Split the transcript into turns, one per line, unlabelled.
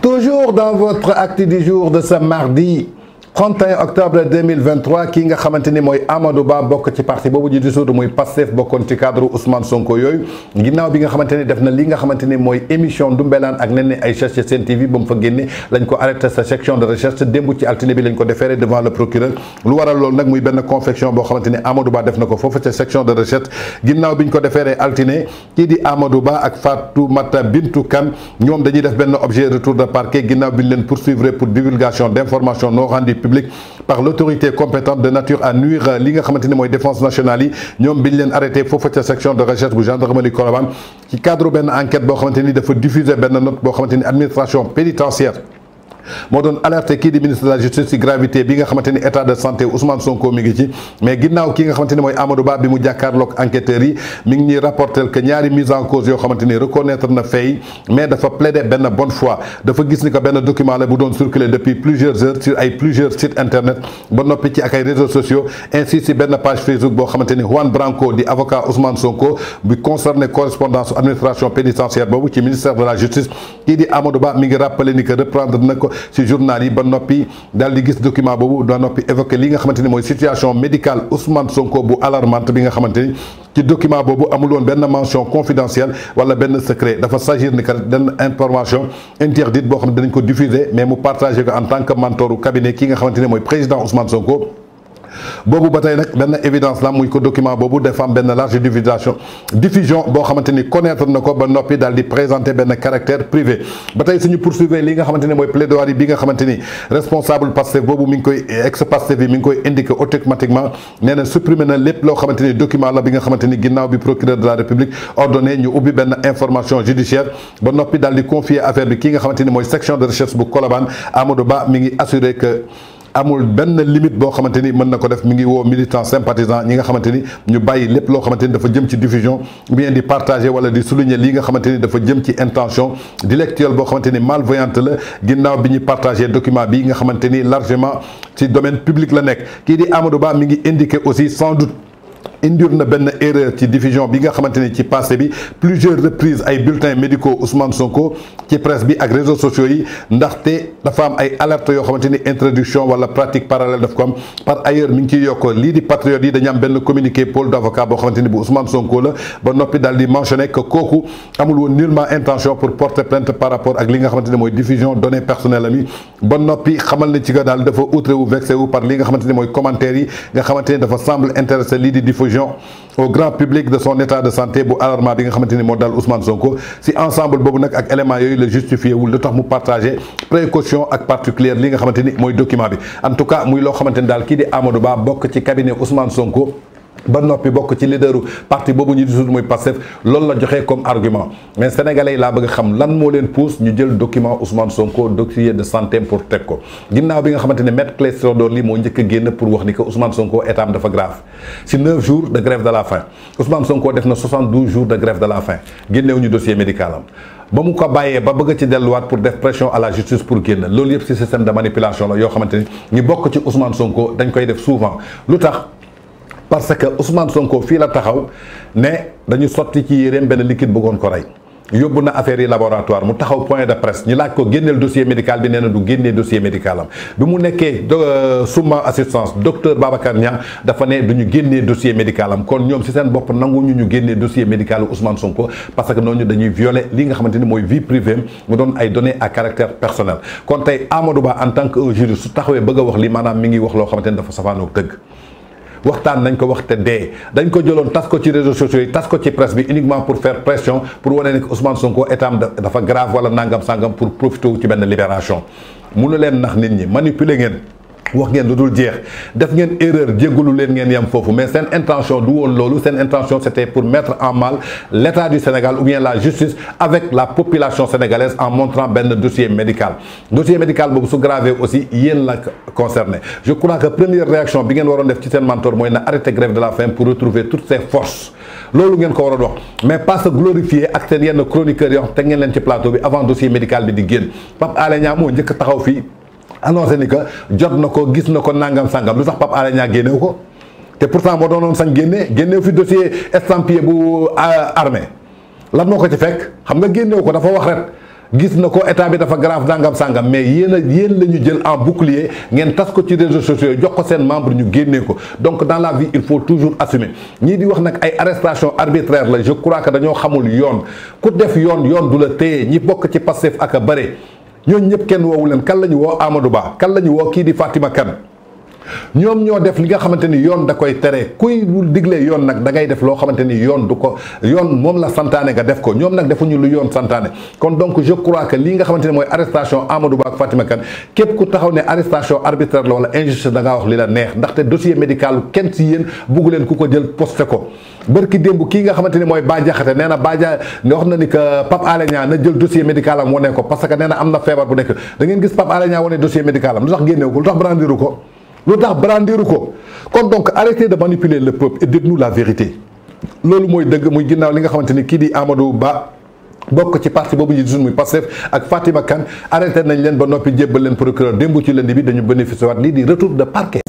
Toujours dans votre acte du jour de ce mardi 31 octobre 2023 qui nga xamanteni moy Amadou Ba bok ci parti bobu ji di suudu moy passef bokon ci cadre Ousmane Sonko yoy ginnaw bi nga xamanteni ni def na li nga xamanteni moy émission Ndoumbelane ak Néné Aïcha ci Sen TV ba fa génne lañ ko arrêté sa section de recherche dembu ci altiné bi lañ ko déféré devant le procureur lu waral loolu nak muy ben confection bo xamanteni Amadou Ba def nako fofu ci section de recherche ginnaw biñ ko déféré altiné kii di Amadou Ba ak Mata Bintou Kan ñom dañuy def ben objet retour de parquet ginnaw biñ leen poursuivre pour divulgation d'information non rendue par l'autorité compétente de nature à nuire li nga défense nationale yi a été leen arrêté foofu section de recherche du gendarmerie Colobane qui cadre une enquête boo xamante diffuser une note boo l'administration administration pénitentiaire modon alerte alerté kii di ministre de la justice ci gravité bi nga xamanteni état de santé Ousmane Sonko mi ngi ci mais ginnaw ki nga xamanteni moy Amadou Ba bi mu jàkkaarloog enquêteur yi mi ngi ñuy rapporter que ñaari mise en cause yo xamanteni reconnaître na fay mais dafa plaider ben bonne foi dafa gis ni que ben document la bu doon circuler depuis plusieurs heures sur ay plusieurs sites internet ba nopi ci ak ay réseaux sociaux ainsi ci ben page Facebook bo xamanteni Juan Branco di avocat Ousmane Sonko bi concerné correspondance administration pénitentiaire bobu ci ministère de la justice qui dit Amadou Ba mi ngi rappeler ni que reprendre notre ci journal yi ba nopi dal di gis document bobu do nopi évoquer li nga xamanteni moy situation médicale Ousmane Sonko bu alarmante bi nga xamanteni ci document bobu amul won ben mention confidentielle wala ben secret dafa s'agir ni information interdite bo xam dañ ko diffuser mais mu partager ko en tant que mentor cabinet ki nga xamanteni moy président Ousmane Sonko bobu batay nak ben évidence la muy ko document bobu dafa am benn large diffusion diffusion bo xamanteni connaître nako ba nopi dal di présenter ben caractère privé batay suñu poursuivre li nga xamanteni moy mooy plaidoirie bi nga xamanteni responsable passé. bobu mi ngi koy ex passé bi mi ngi koy indiquer automatiquement néna supprimer na lepp lo xamanteni document la bi nga xamanteni ginnaw bi procureur de la République ordonné ñu ubbi ben information judiciaire ba nopi dal di confier affaire bi ki nga xamanteni moy section de recherche bu Colobane Amadou Ba mi ngi que amul ben limite bo xamanteni mën nako def mi ngi wo militants sympathisants ñi nga xamanteni ñu bayyi lepp lo xamanteni dafa jëm ci diffusion bien di partager wala di souligner li nga xamanteni de dafa jëm ci intention intellectuelle bo xamanteni ni malveillante la ginnaw bi ñu partager document bi nga xamanteni largement ci domaine public la nekk ki di Amadou Ba mi ngi indiqué aussi sans doute indir na benn erreur ci diffusion bi nga xamante ci passé bi plusieurs reprises ay bulletins médicaux Ousmane Sonko ci presse bi ak réseaux sociaux yi ndaxte dafa am ay alertes yo xamanteni introduction wala pratique parallèle daf comme par ailleurs mi ngi ciy yokk di patriotes yi dañ am benn communiqué Paul d'avocat bo xamanteni bu Ousmane Sonko la ba nopi dal di mentionner que koku amul won nullement intention pour porter plainte par rapport ak li nga xamanteni moy diffusion données personnelles amis ba nopi xamal na ci ga outre dafa outré ou vexé ou par li nga xamanteni moy commentaire commentaires yi nga xamanteni dafa semble intéresser li di diffusion au grand public de son état de santé pour alarmant bi nga Ousmane Sonko si ensemble bobu nak ak le yooyu le justifié wul tax mu partagé précaution ak particulier li nga xamanteni moy document en tout cas muy lo xamanteni dal ki di Amadou Ba ci cabinet Ousmane Sonko ba nopi bok ci leaderu parti bobu ñu di suñu muy Pastef loolu la joxé comme argument mais sénégalais la bëgg xam lan mo leen pousse ñu jël document Ousmane Sonko dossier de santé pour teg ko ginnaaw bi nga xamante ne maître Clédor do li mo ñëk génn pour wax ni que Ousmane Sonko état dafa grave ci 9 jours de grève de la faim Ousmane Sonko def na 72 jours de grève de la faim ñu dossier médical ba mu ko bayé ba bëgg ci delluwaat pour def pression à la justice pour genn loolu yëpp si système de manipulation la yoo xamante ni ñu bokk ci Ousmane Sonko dañ koy def souvent lu tax parce que Ousmane Sonko fi la taxaw né dañu sotti ci yérem benn liquide bëggoon ko ray yobuna affaire yi laboratoire mu taxaw point de presse ñu laaj ko génneel dossier médical bi néna du génnee dossier médical am bi mu nekkee euh, suma assistance docteur Babacar Niang dafa né duñu ñu dossier médical am kon ñom ci sen bop nanguñu ñu génnee dossier médical Ousmane Sonko parce que noonu dañuy violer li nga xamanteni moy vie privée mu don ay données à caractère personnel kon tay Amadou Ba en tant que juriste su taxawee bëgg wax li manam mi ngi wax lo xamanteni dafa safano deug waxtaan nañ ko wax te dee dañ ko jëloon tas ko ci réseaux sociaux yi tas ko ci presse bi uniquement pour faire pression pour wane ne que Ousmane Sonko état dafa grave wala nangam sangam pour profiter wu ci benn libération munu leen nax nit ñi manipuler ngeen. wax ngeen lu jeex def erreur jéggalu leen ngeen yem foofu mais une intention du woon C'est une intention c'était pour mettre en mal l'état du Sénégal ou bien la justice avec la population sénégalaise en montrant le dossier médical dossier médical boobu sont aussi yéen la concerné je crois que première réaction bi ngeen waron def ci sen mentor moy na arrêter grève de la faim pour retrouver toutes ses forces loolu ngeen ko wara wax mais pas se glorifier ak sen yenn chroniqueurs yoo xam teg ngeen ci plateau bi avant dossier médical bi di guen. Pap Alé Niang moo taxaw fi annoncé ni que jot na gis nako nangam sangam lu sax pap ko té pourtant mo doonoon sañ que génnewu fi dossier estampillé bu euh, armée lan moko ci fekk xam nga ko dafa wax rek gis nako état bi dafa grave mais a lañu jël en bouclier ngén tas ko ci réseaux sociaux jox ko sen membre ñu ko donc dans la vie il faut toujours assumer ñi di wax nak ay arrestation arbitraire la je crois que nous xamul yoon ku def yoon yoon du la ñi bok ci ak ñooñu ñëpp kenn woowu leen kan la ñu woo Amadou Ba kan la ñu woo kii di Fatima kan ñoom ñoo def li nga xamante ni yoon da koy tere kuy digle yoon nag da ngay def loo xamante ni yoon du ko yoon moom la santaane nga def ko ñoom nag ñu lu yoon santaane kon donc je crois que li nga xamante ni mooy arrestation Amadou Ba Fatima Kane képp ku taxaw ne arrestation arbitraire la wala injustice da wax li la neex ndaxte dossier médical kenn si yéen bugg leen ku ko jël posté ko bërki démb kii nga xamante ni mooy Bah Diakhaté nee na Bah Dia nga wax na ni que Pape Alé Niang na jël dossier na am na feebar am lu ko lu tax kon donc arrêtez de manipuler le peuple et dites-nous la vérité Lolo mooy dëgg muy ginnaaw li nga xamante qui dit Amadou Ba Bok ci parti bobu ñu gisul muy Pastef ak Fatima Kane arrêté nañ leen ba nopi jébbal leen procureur dembu ci lundi bi dañu bénéficier waat di retour de parquet.